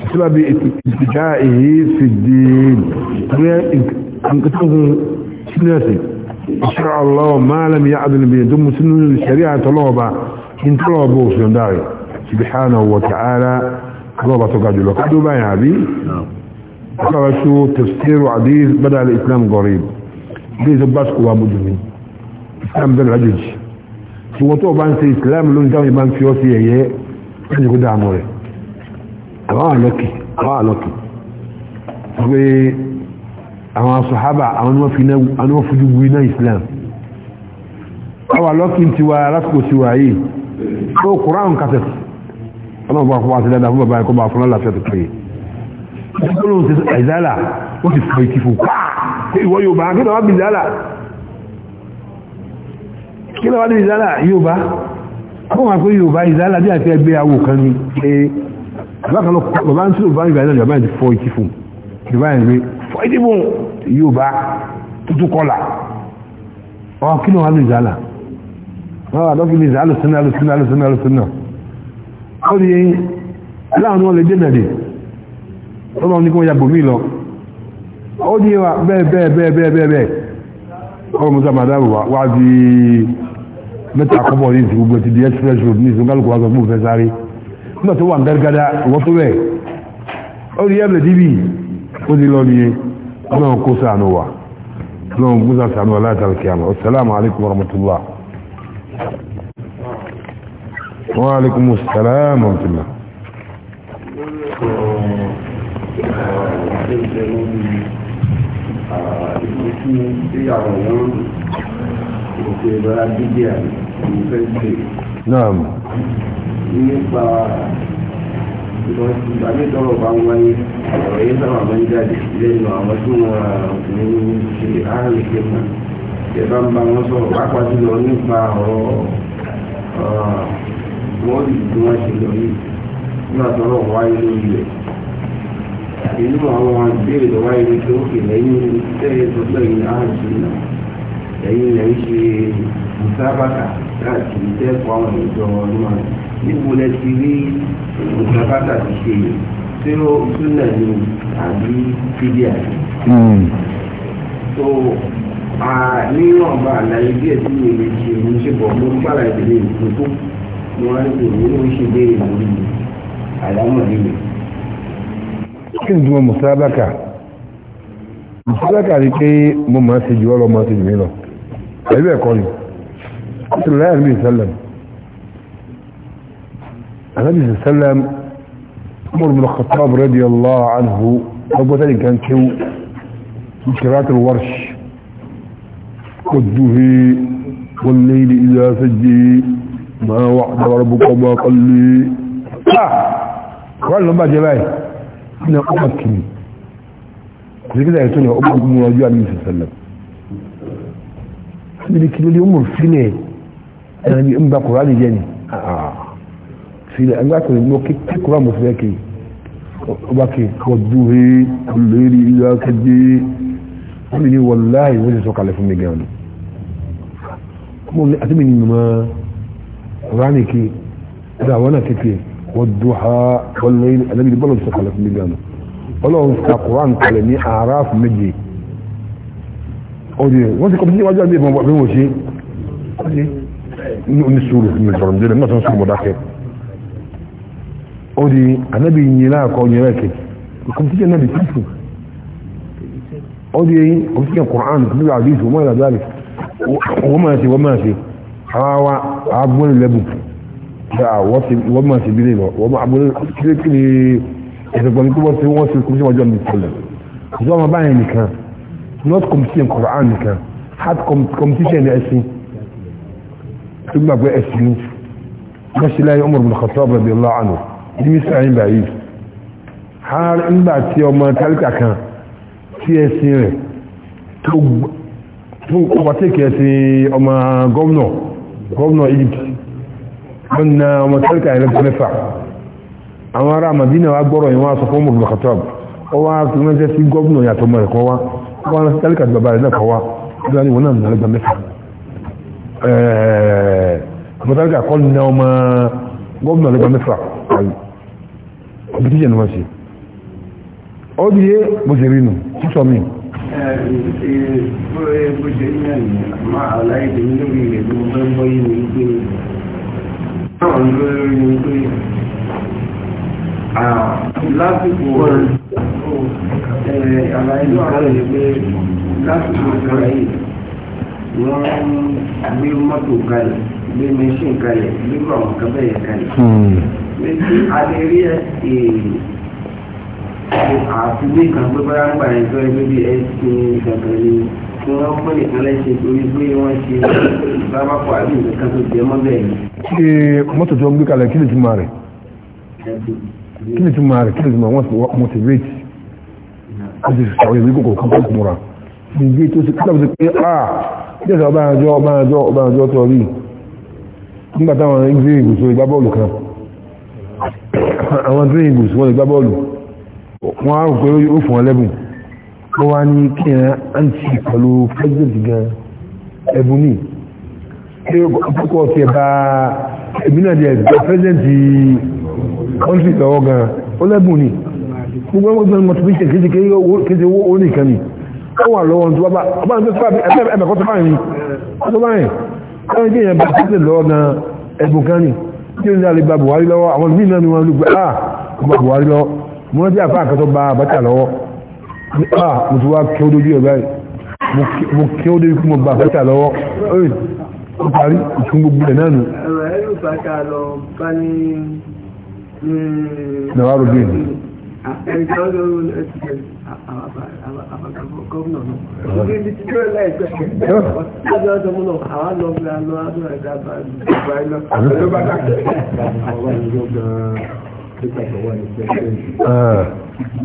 بسبب اتجاهه في الدين انقطعه سناسي شرع الله ما لم يعدل به دم سنن الشريعة طلبة ان طلبوا سنداري سبحانه وتعالى طلبة تقعد لك قدوا يا عبي قرأتوا تفسير عديث بدأ الإسلام قريب ليس بس قوى مجمين islam bẹ̀rẹ̀ lájòjì ṣùgbọ́n tó o bá ń ṣe islam lónìí táwọn ìbá ń fi ọ́ sí ẹ̀yẹ́ ẹ̀yẹ́ kó dáa mọ́ rẹ̀ àwọn àlọ́kì àwọn àlọ́kì pé àwọn sọ̀hábà àwọn wọ́n fojú wí náà islam àwọn àlọ́kì ti wà lásìkò ti wà yìí tó kùrán kàtẹ̀ ọlọ́pàá àpapọ̀ àti dáadáa fún bàbá ẹ̀kọ́ bá fún lálàáfíà tó péye ìgbóhùn ti ẹ̀zálà wọ́n ti fọ ìkìfò pé ìwọ yóò bá kí lọ́wọ́ bí ìzálà kí lọ́wọ́ bí ìzálà yóò kọ́ wọn pé yóò bá ìzálà bí àti ẹgbẹ́ àwò kan ni pé alákàlọ́ bàbá ń tí ó bá ń gbà náà bàbá ìdí fọ́ ìtí fún bàbá ìrìn rí fọ́ ìdí fún yóò bá tútù kọ́là ọ kí ló wà ní ìzàlà ọ àdọ́kì ní ìzàlù sínú àlù sínú àlù sínú àlù sínú ó di aláwọn ọmọ lè dé nàdì ó lọ ní kí wọ́n ya bòmí lọ ó di wa bẹ́ẹ̀ bẹ́ẹ̀ bẹ́ẹ̀ bẹ́ẹ̀ bẹ́ẹ̀ bẹ́ẹ̀ ọ̀rọ̀ musa madabu wa wá di mẹ́ta àkọ́bọ̀ ní ìsìnkú gbẹ̀tì di express road ní nígbà tó wà ń bẹ́rgádá wọ́n tó rẹ̀ ó rí ẹ̀bẹ̀rẹ̀ díbì ó di lọ nìyẹn ọlọ́run kó sànù wà ọlọ́run kó sànù wà láti àlùkí àmà assalamu alaikum warahmatullah wa alaikum assalam warahmatullah Naam nípa ìgbà bá ń wáyé ọ̀rọ̀ yẹn sábà máa ń jáde lẹ́nu àwọn tí wọ́n ní ṣe àárín kéfà tẹ ń bá wọn sọ̀rọ̀ pápá jùlọ nípa ọ̀rọ̀ wọ́n tí wọ́n ṣe lọ yìí nígbà tọrọ wáyé lórí rẹ̀ inú àwọn ìbéèrè tó wáyé ní pé lẹ́yìn tẹ́lẹ̀ tó sẹ́yìn àárín sí náà lẹ́yìn lẹ́yìn ṣe mùsábàkà láti tẹ́kọ̀ọ́ àwọn ìjọ ọdún àti níbo lẹ ti rí nǹkan bàtà ti ṣe yìí tí ó súnlẹ̀ hmm. ní àbí fídíà. so níwọ̀nba àlàyé díẹ̀ tí mi lè ṣe mo ṣe bọ̀ mo gbàlà ìdílé ìkókó mo wá ní kò ní ó ṣe béèrè lórí àlámọ̀ nílẹ̀. kí ni mo mùsábàkà mùsábàkà rí pé mo máa ń ṣe jù ọ́ lọ máa ń ṣe jù mí lọ ẹ̀rí ẹ̀kọ́ ni ó ti láyà níbi mi. النبي صلى الله عليه وسلم عمر بن الخطاب رضي الله عنه أبو ثاني كان كيو كرات الورش قده والليل إذا سجي ما وعد ربك ما قل لي آه! قال لهم بقى جباي أنا أمكني زي كده يا لي أمك مراجعة النبي صلى الله عليه وسلم أنا اللي لي أمر فيني أنا يعني بيقوم أم بقراني جاني sílẹ̀ ẹgbẹ́ àkùnrin ní ókè kíkúrà mọ̀ sílẹ̀ kì ọba kì kọjú he olórí ilé akéde wọ́n mi ní wàláhì wọ́n ti sọ kalẹ̀ fún mi gan ni wọ́n àti mi ní mọ̀ ránì kì ẹ̀dá àwọn náà kékeré wọ́n dùn ha wọ́n lẹ́yìn bọ́lá ti sọ kalẹ̀ fún mi gan ni ọlọ́run ta kuran kalẹ̀ ní àràfù méje ọdún wọ́n ti kọ́ sí iwájú àbí ìbọn bí wọ́n ṣe ní oníṣòro ní ìfọ̀rọ̀mùdé odi anabi nyina akọ nyina ke kumtike na di tifu odi kumtike qur'an kumtike hadith wa ma dalik wa ma si wa ma si hawa abun lebu da wa si wa ma si bile wa ma abun kile kile ese gbon ko se won se kumtike wajo ni sallam zo ma ba ni kan not kumtike qur'an kan hat kumtike ni esi tugba gbe esi ni Mashi Umar bin Khattab radiyallahu anhu mínísítà yìí báyìí har nígbà tí ọmọ kan tí ẹsìn rẹ̀ tó pàtẹ́kì ẹsìn ọmọ gómìnà gómìnà wọ́n na ọmọ tálíkà ẹ̀rẹ́ mẹ́fà àwọn ará wa gbọ́rọ̀ yìí sọ fún mọ̀gbọ̀n Khattab ó na mẹ́fà competition wọ́n ṣe ó bí yé bó ṣe rí nù sísọ mi. lásìkò àlàyé náà rẹ̀ ni pé lásìkò ìṣẹ̀lẹ̀ yìí wọ́n gbé mọ́tò kalẹ̀ gbé mẹ́ṣìn kalẹ̀ gbé àwọn kan bẹ́ẹ̀ kalẹ̀. Hmm pé kí a lè rí àfiwé kan pé bóyá ń gbà yẹn tó ẹgbẹ́ bíi ẹ̀sìn ìgbàgbọ́ ni kí wọ́n pè nìkan lẹ́sìn torí pé wọ́n ṣe sábàpọ̀ àbí nǹkan tó jẹ mọ́ bẹ́ẹ̀ ni. ṣé mọ́tò tó ń gbé kalẹ̀ kí lè túmọ̀ rẹ̀ kí lè túmọ̀ rẹ̀ kí lè túmọ̀ wọ́n ti motivate wọ́n ti sọ̀rọ̀ ìwé kòkò kan tó múra ìgbé tó ti kílọ̀ sí pé ah bí ẹ̀sán ọba àjọ ọba àjọ ọba àjọ tó rí nígbà táwọn ń gbé ìgbésọ ìgbábọ́ọ̀lù kan àwọn green goose wọ́n lè gbá bọ́ọ̀lù wọ́n á rò pé ó fún ọlẹ́bùn ó wá ní kí ẹ àǹtí pẹ̀lú president gan ẹ̀bùn ní ṣé púpọ̀ ti ẹ̀bá èmi náà di ẹ̀gbẹ́ president country lọ́wọ́ gan ó lẹ́bùn ní gbogbo ẹgbẹ́ gbogbo motivation kéde kéde owó ó nìkan ni ó wà lọ́wọ́ tó bá ọba ń fẹ́ ẹ̀bẹ̀kọ́ tó báyìí ó tó báyìí ó ń gbé yẹn kí ní alẹ́ gba buhari lọ́wọ́ àwọn míì náà ah gba buhari lọ mo rántí àfa àkàtọ́ ba àbátà ah mo ti wá kí ó dojú ẹ̀ báyìí mo kí ó dojú kí mo ba àbátà lọ́wọ́ ee ó parí ìtún gbogbo ẹ̀ náà nù. ẹ̀rọ ẹ̀rù bàtà lọ bá ní. nàwárò ẹni tí wọ́n lọ́wọ́ ẹ̀sìn gọ́ọ̀nà náà ní ibi tí ó láìpẹ́ ọ̀tí ọjọ́ mú náà àwọn lọ́gbẹ́ alọ́ àdúrà ìdábà ìgbà ilọ́ ló bá dàgbẹ́ àwọn ìjọ gan-an pípa ìgbọ̀wọ́ ní pẹ́ẹ́sì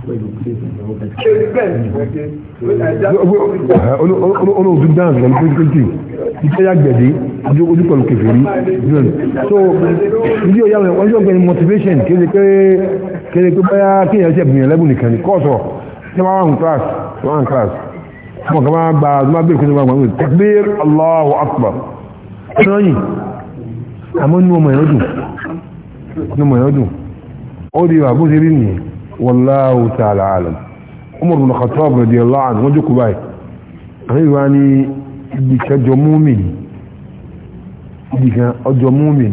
pẹ̀lú pẹ́ẹ́sì ìgbọ̀wọ́ pẹ́ẹ́sì. olóòtú dáhùn lọ́nà pẹ́ẹ́sì iṣẹ́ yàgbẹ̀dẹ́ ojú pẹ̀lú kẹfẹ́ rí so ìdí òyàwó ọjọ́ gbẹ̀yìn motivation kí ó ṣe pé kéré pé báyá kí èèyàn ṣe bìyàn lẹ́bùn nìkan ní kọ́ọ̀sọ̀ tí wọ́n wà ní class wọ́n wà ní class ọmọ kan máa gba ọdún máa bèèrè kí wọ́n gbàgbé takbir Allahu akbar ṣọ́yìn àmọ́ inú ọmọ ìrọ́dù inú ọmọ ìrọ́dù ó di wà bó ṣe rí nìyẹn wallahu ta'ala alam Umar bin Khattab radiyallahu anhu wọ́n jókòó báyìí àwọn ìwà ni ibi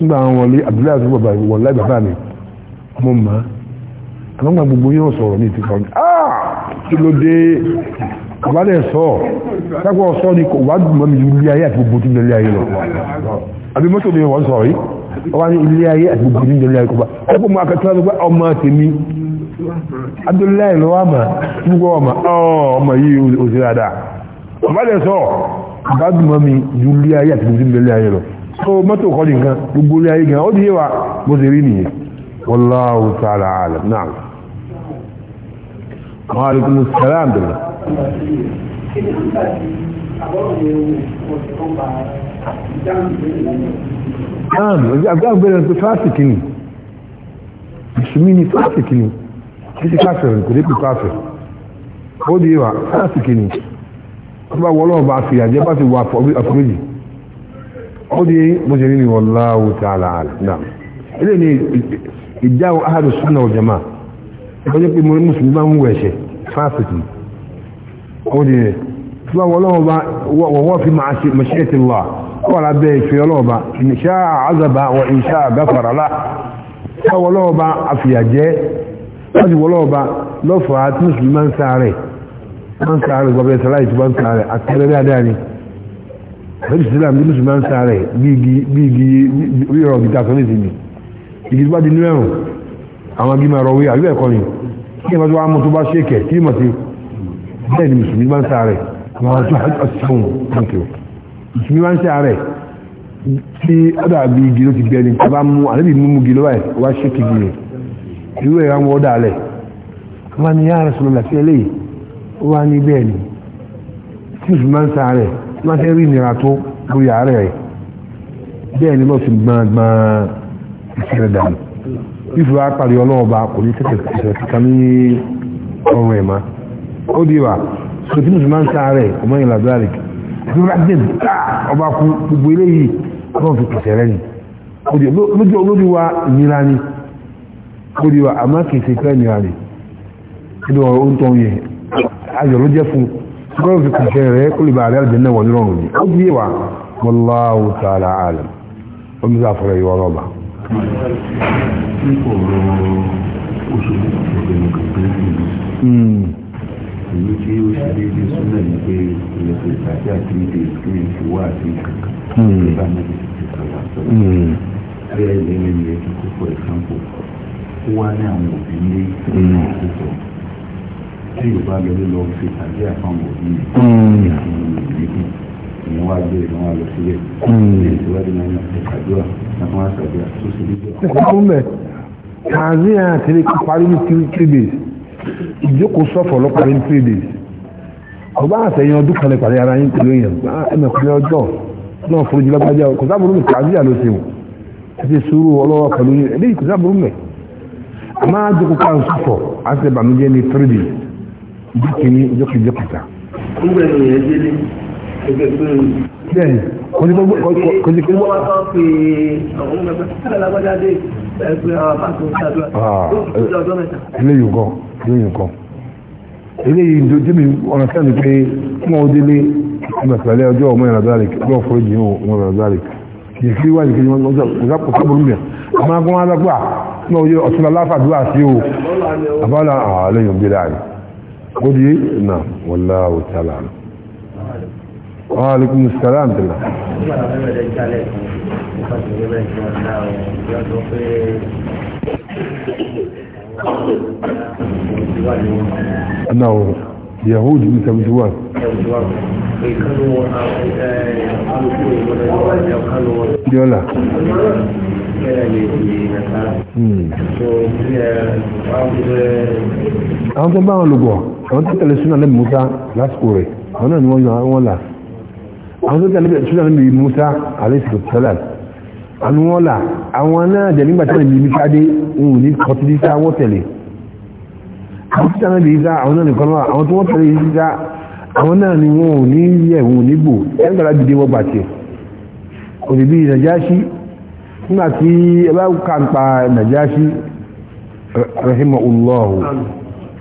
nígbà àwọn wọlé abdullahi àti bàbá wọlé bàbá mi mo mọ̀ àwọn gbà gbogbo yóò sọ̀rọ̀ ní ìtìkọ́ ní àà ah! kí ló dé bàbá dẹ̀ sọ sápọ̀ sọ ni kò wá dùn mọ́mi ilé ayé àti gbogbo tún lẹ́lé ayé lọ àbí mọ́tò mi wọ́n sọ̀rọ̀ yìí wọ́n ní ilé ayé àti gbogbo tún lẹ́lé ayé kọ́ bá sápọ̀ mọ́ akẹ́kọ̀ọ́ ló gbá ọmọ tèmi abdullahi lọ́wọ́ àmà gbogbo ọmọ ọmọ yìí òṣèlú àdá bàbá dẹ̀ sọ bàbá dùn mọ́mi ilé ayé àti gbogbo tún lẹ́lé ayé lọ tó mọ́tò kọ́lì nǹkan gbogbo orí ayé gan ó di yéwa bó ṣe rí nìyẹn wallahu ta'ala alam náà àwọn àríkùn sẹ́lá àbẹ̀lẹ̀ Naam, agbábẹ̀rẹ̀ tó fásitì ni, ìṣúmí ni fásitì ni, kí sí káfẹ̀rẹ̀ kò dé pù káfẹ̀. Ó dí wà fásitì ni, ọba wọlọ́ọ̀bá fi àjẹ́ bá ti wà àfọ́ríjì ó di mọ́sílẹ̀ ní wallahu ta'ala àlà ilé ni ìjáwó ahàdù súnà ọ̀jọ̀má ó jẹ́ pé mùsùlùmí bá ń wẹ̀ ẹ̀ṣẹ̀ fásitì ó di tíwá wọlọ́ọ̀bá wọ́wọ́ fi mashiyati Allah wà lábẹ́ ìfẹ́ ọlọ́ọ̀bá in sha'a azaba wa in sha'a ghafara la tíwá wọlọ́ọ̀bá àfìyàjẹ́ láti wọlọ́ọ̀bá máa ń sáré máa wọ́n ń sáré àtẹ́rẹ́rẹ́ bẹ́ẹ̀ islam ní mùsùlùmí ń sáré bí igi bí ọ̀rọ̀ gita sọ ní ìsinmi igi tó bá di inú ẹ̀rùn àwọn agi máa rọwé àbí ẹ̀kọ́ ni kí ẹ̀fọ́ tó wá mú tó bá ṣèkẹ̀ kí mọ̀ sí bẹ́ẹ̀ ni mùsùlùmí máa ń sáré wọn àti ọ̀sán thank you mùsùlùmí máa ń sáré tí ọ̀dà bí igi ló ti gbẹ ni tó bá mú àlébi mú igi lọ́wọ́ ẹ̀ wá ṣèkì igi rẹ̀ irú ẹ̀ wọn ọ̀dà alẹ̀ wọn ni yára sọ̀rọ̀ làfẹ́ lẹ́yìn wọn ni bẹ́ẹ̀ ni tí mùsùlùmí máa ń sáré má ṣe rí ìnira tó lórí àárẹ̀ rẹ̀ bẹ́ẹ̀ ni lọ́sùn gbọ̀ngbọ̀n ìṣẹ̀lẹ̀ dànù fífi wá pàdé ọlọ́ọ̀ba kò ní tẹ̀tẹ̀ ìṣẹ̀lẹ̀ kankan ní ọrùn ẹ̀ má ó di wa sọtí mùsùlùmí sáré ọmọ yẹn làbẹ́rẹ́ ìfúnra dé ọba kú gbogbo eléyìí ọlọ́run fi pèsè rẹ̀ ni lójú olódi wa ìnira ni ó di wa àmọ́ kìí ṣe pẹ́ ìnira ni ó di ń tọ́ yẹ ayọ̀ ló jẹ́ fún un kọ́rọ̀ fi kìkẹ́ rẹ̀ kó lè bá àrẹ́ àjẹ́ náà wà nírọ̀rùn ní ó bí wà wallahu ta'ala alam omi sá fọ́rọ̀ ìwọ rọ́bà èyí tí ó ṣe déédéé súnmọ́ ní pé ìlẹ̀kùn ìtàkì àti ìdè ìpín ìfowó àti ìkankan nígbà náà ti ti kàwá sọ́dọ̀ bẹ́ẹ̀ lẹ́yìn ìyẹn kíkó for example ó wá ní àwọn òbí ní ìpínlẹ̀ ìpínlẹ̀ tí yóò bá lọ lọ fi tàbí àfàmù òbí mi àwọn olùdíje ìyẹn gbé ìyẹn wá lọ sílẹ̀ ìyẹn ìwádìí náà yàn ṣàdúrà àwọn àṣàdúrà tó ṣe ní. ẹ̀kọ́ ń bẹ̀ tanzania tẹ̀lé parí ní three days ìjókòó sọ̀fọ̀ lọ ní three days ọba àtẹ̀yìn ọdún kan lè parí ara yín pẹ̀lú èèyàn ẹ̀mẹ̀kúnlẹ̀ ọjọ́ náà forí jùlọ gbájá kò sábúrú mi tanzania ló ṣe wọn ẹ̀ṣẹ̀ sùúrù ọlọ́wọ́ pẹ̀lú yín ẹ̀lẹ́yìn kò sábúrú mi àmọ́ àjọkọ̀ kan sọ̀fọ̀ àti ìbànújẹ́ ní three days ìjọ kìíní ìjọ kìíní ìjọ kìíta. nígbà tí èèyàn kò kò sí gbogbo. sọ pé àwọn ọmọ ẹgbẹ́ sílẹ̀ lágbájá dé ẹgbẹ́ àwọn bá tó ń ṣàdúrà. Ah, eléyìí nǹkan eléyìí nǹkan eléyìí dèmi ọ̀nà sẹ́yìn pé kí wọ́n délé ọmọ ìrànlọ́rẹ̀ ọjọ́ yìí wá ìkejì wọn lọ́jọ́ ìzápò sábòrú yẹn àmọ́ agbọ́n alágbà náà ọ̀tún aláfàdúrà sí o àbálà àlẹ́yìn òbí láàrin قولي نعم والله تعالى وعليكم السلام تلا أنه يهود من سمجوان يولا أنت ما لقوها àwọn tó tẹ̀lé súnà lẹ́bi musa lásìkò rẹ̀ àwọn náà ni wọ́n yàn wọ́n là àwọn tó tẹ̀lé súnà lẹ́bi musa alẹ́sìkò tẹ́lẹ̀ àwọn wọ́n là àwọn náà jẹ́ nígbà tẹ́lẹ̀ bí musa dé òun ní kọtírísà wọ́n tẹ̀lé àwọn tó tẹ̀lé bí isa àwọn náà nìkan náà àwọn tó wọ́n tẹ̀lé isa àwọn náà ni wọ́n ò ní yẹ̀ wọ́n ò ní bò ẹgbẹ̀rẹ̀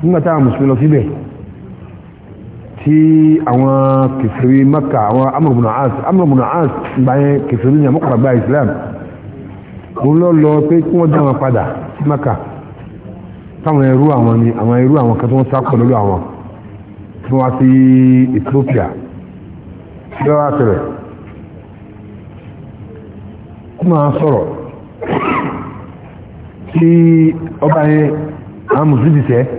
nígbàtà musulmi lọ síbẹ̀ tí àwọn kìfìrí maka àwọn amúrùmùnà as amúrùmùnà as gbáyẹ kìfìrí ní àmúkọ̀rọ̀ gba islam wọ́n lọ lọ pé kí wọ́n dá padà sí maka táwọn ẹrú àwọn ni àwọn àwọn kan wọ́n àwọn tí wọ́n ọba yẹn àwọn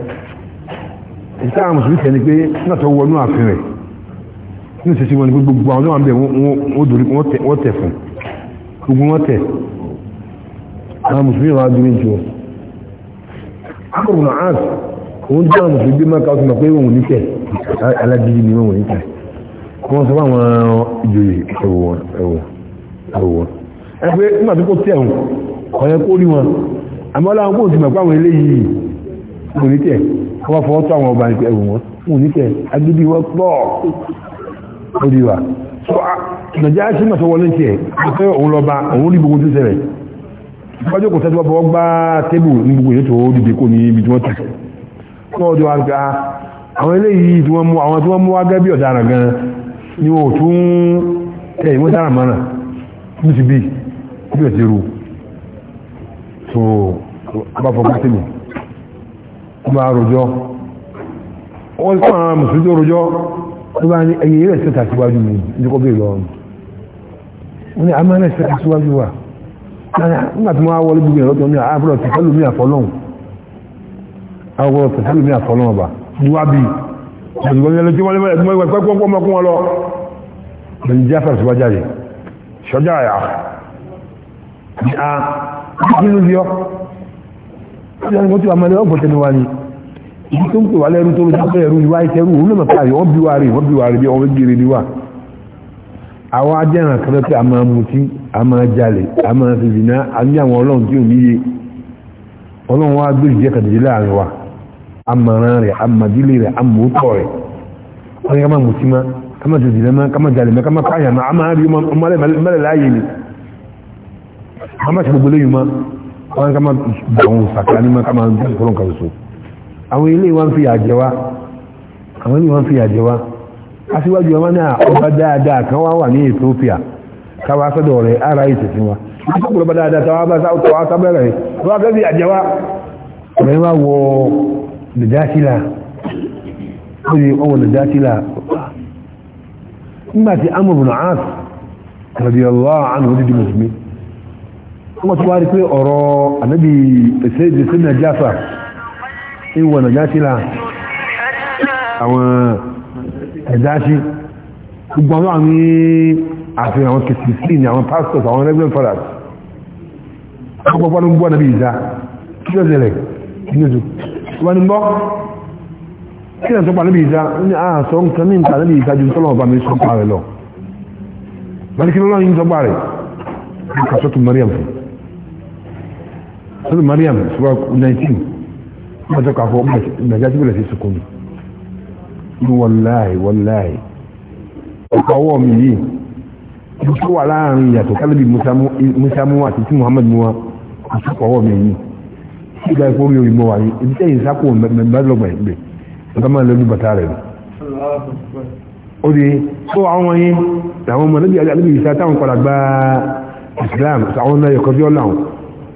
ìta àwọn mùsùlùmí kẹ́ni pé náà tó wọnú ààfin rẹ̀ ní ìṣẹ́sí wọn ni gbogbo àwọn náà ń bẹ̀ wọ́n tẹ̀ fún gbogbo wọn tẹ̀ àwọn mùsùlùmí wà dúró jù ọ́ akọ̀rùn àás òun jẹ́ àwọn mùsùlùmí máa káwọ́ sọ́nà pé òun ní tẹ̀ alágídí ni wọ́n ní tẹ̀ wọ́n sọ fáwọn ìjòyè ẹ̀wọ̀ ẹ̀wọ̀ ẹgbẹ́ nígbà tó kó tẹ̀ ọ̀hún ọ̀yẹ́ kó rí wọn àmọ́ láwọn kó ti mọ̀ pé àwọn eléyìí òun ní tẹ̀ wọ́n fọwọ́ tó àwọn ọba ìpẹ́ ẹ̀wọ̀n wọn wọn ní kẹ́ agbébí wọ́n pọ̀ ó di wa so nàìjíríà sí màtọ́ wọlé ń tiẹ̀ pé òun lọ bá òun rí gbogbo tó ṣẹlẹ̀ wájú kò tẹ́tí wọ́n bọ́ gbá tébù ní gbogbo ètò dìde kò ní ibi tí wọ́n tẹ̀ tó ọdún wa gba àwọn eléyìí tí wọ́n mú àwọn tí wọ́n mú wá gẹ́bí ọ̀daràn gan ni wọn ò tún tẹ̀ ìwé dára mọ́nà ní ti bí bí ọ̀ ti ru so abáfọ́ gbá tébù bá rojọ́ wọ́n kọ́ àwọn mùsùlùmí tó rojọ́ tó bá ní ẹyẹ rẹ̀ sẹ́ta síwájú mi nígbà bí lọ wọ́n ni a máa rẹ̀ sẹ́ta síwájú wa nígbà tí wọ́n á wọlé gbogbo ẹ̀rọ tó ní àbúrò tẹ̀sẹ́lù mi àfọlọ́hùn àbúrò tẹ̀sẹ́lù mi àfọlọ́hùn ọba níwábí ọ̀sùnwọ́n yẹn ló ìyá ìwọ́n ti wà mọ́lẹ́ ọ̀pọ̀ tẹnu wa ni ìdí tó ń pè wá lẹ́rú tó ń pè ẹ̀rú ìwá ìtẹ́rù òun lọ́mọ̀ káàrí wọ́n bí wa rí wọ́n bí wa rí bí ọmọ gírí ni wa àwọn ajẹ́ràn kan pé a máa mutí a máa jalè a máa fi bìnà a ní àwọn ọlọ́run tí ò níye ọlọ́run wa gbé ìjẹ́ kàdìdì láàrin wa amọ̀ràn rẹ̀ amọ̀dílé rẹ̀ amòótọ́ rẹ̀ wọ́n ní ká máa mutí ma, ká máa tètè má ká máa jalè má ká máa pààyàn má a máa rí ọmọ mẹ́rẹ̀ láàyè ni a máa ṣe gbogbo lẹ́yìn má wọ́n kama máa sàkà ní máa ká kan so àwọn ilé wọn fi àjẹ wa àwọn ilé wọn fi àjẹ wa aṣíwájú wọn náà ọba dáadáa kan wá wà ní Ethiopia káwa sọ́dọ̀ rẹ̀ ara ìṣẹ̀ sí wa ìṣọ́pọ̀ ọba dáadáa táwa bá sáwọ́ sábẹ́rẹ̀ wọ́n fẹ́ fi àjẹ wa wọ́n ti wá rí pé ọ̀rọ̀ ànábì ìṣẹ́jì sí nàìjíríà ìwọ̀ nàìjíríà àwọn ẹ̀dáṣí gbogbo àwọn àwọn àfihàn àwọn kìtìsí ni àwọn pastors àwọn reverend fathers wọ́n gbogbo àwọn gbogbo ànábì ìzá kí ló ṣẹlẹ̀ níjú wọ́n ni bọ́ kí ló sọ pa ànábì ìzá ó ní àásọ ah, nǹkan ní nǹkan ànábì ìzá ju sọ́lọ́ ọba mi sọ pa rẹ̀ lọ wọ́n ni kí ló lọ́yìn sọ pa rẹ̀ ní kàṣọ́tù Mariam fún sọ́dọ̀ Mariam sọ́wọ́ 19 wọ́n tọ́ka fọ́ nàìjíríà bẹ̀rẹ̀ sí sukùn ní wàláì wàláì ọ̀pọ̀ ọwọ́ mi yìí mo tó wà láàrin ìyàtọ̀ kálíbi Musa mu àti tí Muhammad mu wa ọ̀pọ̀ ọwọ́ mi yìí sí ìgbà ìfọ́ mi ò mọ̀ wáyé ibi tẹ́yìn sákò mẹ́lọ́gbà ìgbẹ́ nǹkan máa lọ́nu bàtà rẹ̀ ó di tó àwọn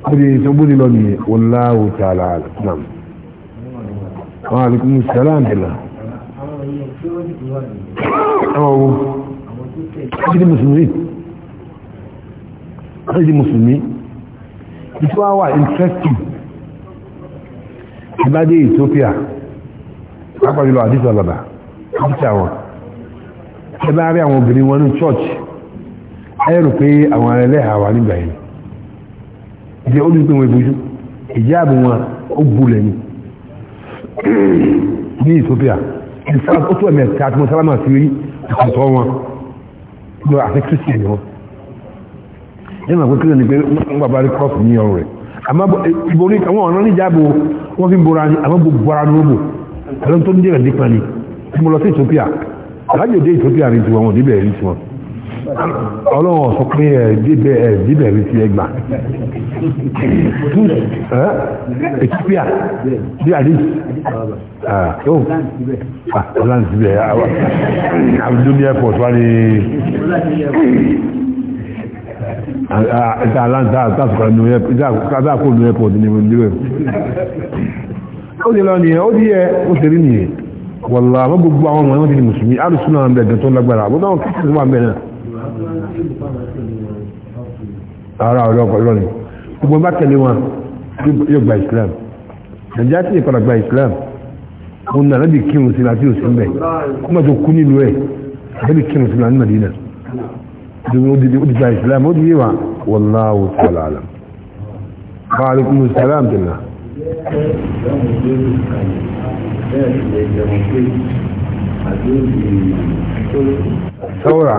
kúrò tó búrú lọ nìyẹn wallahu ta'ala alam wa alaikum salam dìlà ọwọ́ ọdí musulmi ọdí musulmi ìtú àwà interesting ìbádé Ethiopia pápájúlọ àdísọ̀ bàbá àdísọ̀ àwọn ẹbá rí àwọn obìnrin wọn ní church ẹ̀rù pé àwọn ẹlẹ́hàwà nígbà yìí ìjẹ́ ó ní pé wọ́n ìbojú ìjáàbù wọn ó gbúlẹ̀ ni ní Ethiopia ní south oṣù ẹ̀mẹ̀ tí a ti mọ sálámà sí rí ìkọ̀tọ̀ wọn lọ àti christian wọn yẹn máa pé kílẹ̀ ni pé wọ́n bàbá rí cross ní ọrùn rẹ̀ àmọ́ ìbò ní àwọn ọ̀nà níjàbò wọ́n fi bora ní àmọ́ gbogbo ara ní ó bò ẹ̀rọ tó ń dẹ̀rẹ̀ nípa ni mo lọ sí Ethiopia alájò dé Ethiopia rí tiwọn wọn níbẹ̀ rí tiwọn ọlọ́wọ́ sọ pé ẹ̀ díbẹ̀ ẹ̀ díbẹ̀ rí sí ẹgbà ẹ̀kípíà bí àdí yóò ọ̀làn síbẹ̀ àbúdóní airport wá ní ah, ah, ẹ̀ta atlanta tàbí new airport ní new airport ó ní lọ nìyẹn ó díẹ̀ ó ṣe rí nìyẹn wọ̀lá àwọn gbogbo àwọn ọmọ ẹ̀wọ̀n ti ní mùsùlùmí alùsùn náà bẹ̀ẹ̀ tó lágbára àbúdó àwọn kìí ara ọlọ́kọ̀ lọ́ni gbogbo bá tẹ̀lé wọn yóò gba islam nàìjíríà sì padà gba islam mo nà lábì kírun sí láti òsì mbẹ kó má tó kú nílùú ẹ lábì kírun sí láti Madina ó di gba islam ó di yé wa wallahu ta'ala alam wa alaikum salam tẹ̀lá.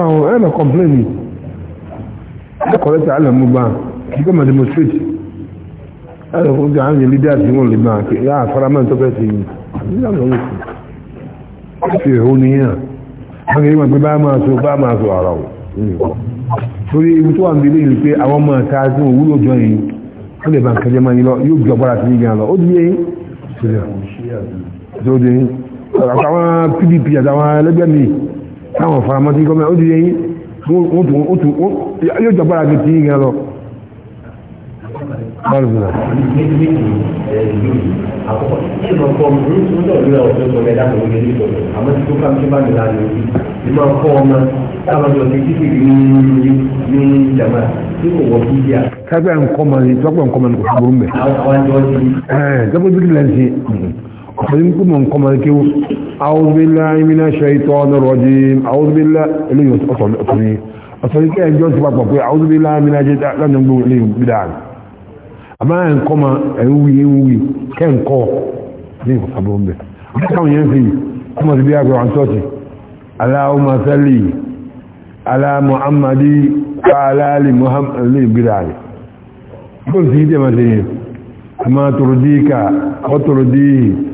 àwọn ẹ̀nà kọ̀m̀pléènì ẹ̀kọ̀lẹ́tà alẹ́mú gbá kíkọ́ ma demonstrate ẹ̀rọ fún jẹ́ àwọn ìlú díà tí wọ́n lè máa kí yá àfaramẹ́ tó fẹ́ sí ìfẹ́ ìhún ní yàn wọ́n kì í wọ́n pé bá máa so bá máa so ara ò torí ibi tó wà ń bilé ìlú pé àwọn ọmọ ẹ̀ka tí wọ́n wúlò jọ yìí wọ́n lè bá ń kẹjẹ máa yín lọ yóò jọ bọ́ra sí yín gan lọ ó di yé àtàwọn pdp àtàwọn ẹlẹgbẹ́ mi táwọn faramọ́ tí gọ́ọ̀mẹ́ ó ti yẹ yín wọ́n tún ó tún ó yóò jọgbára ju ti yín gan lọ. Àkọ́kọ́ tí mo kọ́ ọmọ ní ìṣúná ìlú ọ̀sẹ̀ sọ̀rọ̀ ẹ̀dá tó ń gbé nípa àmọ́ tí tó kàmí bá mi lálẹ́ òbí. Ìmọ̀ kọ́ ọmọ táwọn ọjọ́ ti títì ní ní jàmbá tí kò wọ́n fún bíà. Kágbé à ń kọ́ ọmọ ni tọ́pọ̀ ń kọ́ ọmọ ni kò fún burú mẹ́. Àwọn àjọ ti. Ẹ̀ẹ́d خلينكم من قمركو أعوذ بالله من الشيطان الرجيم أعوذ بالله إليه أصل أصلي أصلي كي أجل سبق بقوي أعوذ بالله من الشيطان لن ينبو إليه بدعا أما أن قم أيوي أيوي كان قو ليه صبرهم به كم ينفي كما تبيعك عن صوتي اللهم صلي على محمد وعلى آل محمد ليه بدعا كل سيدي ما ترضيك وترضيه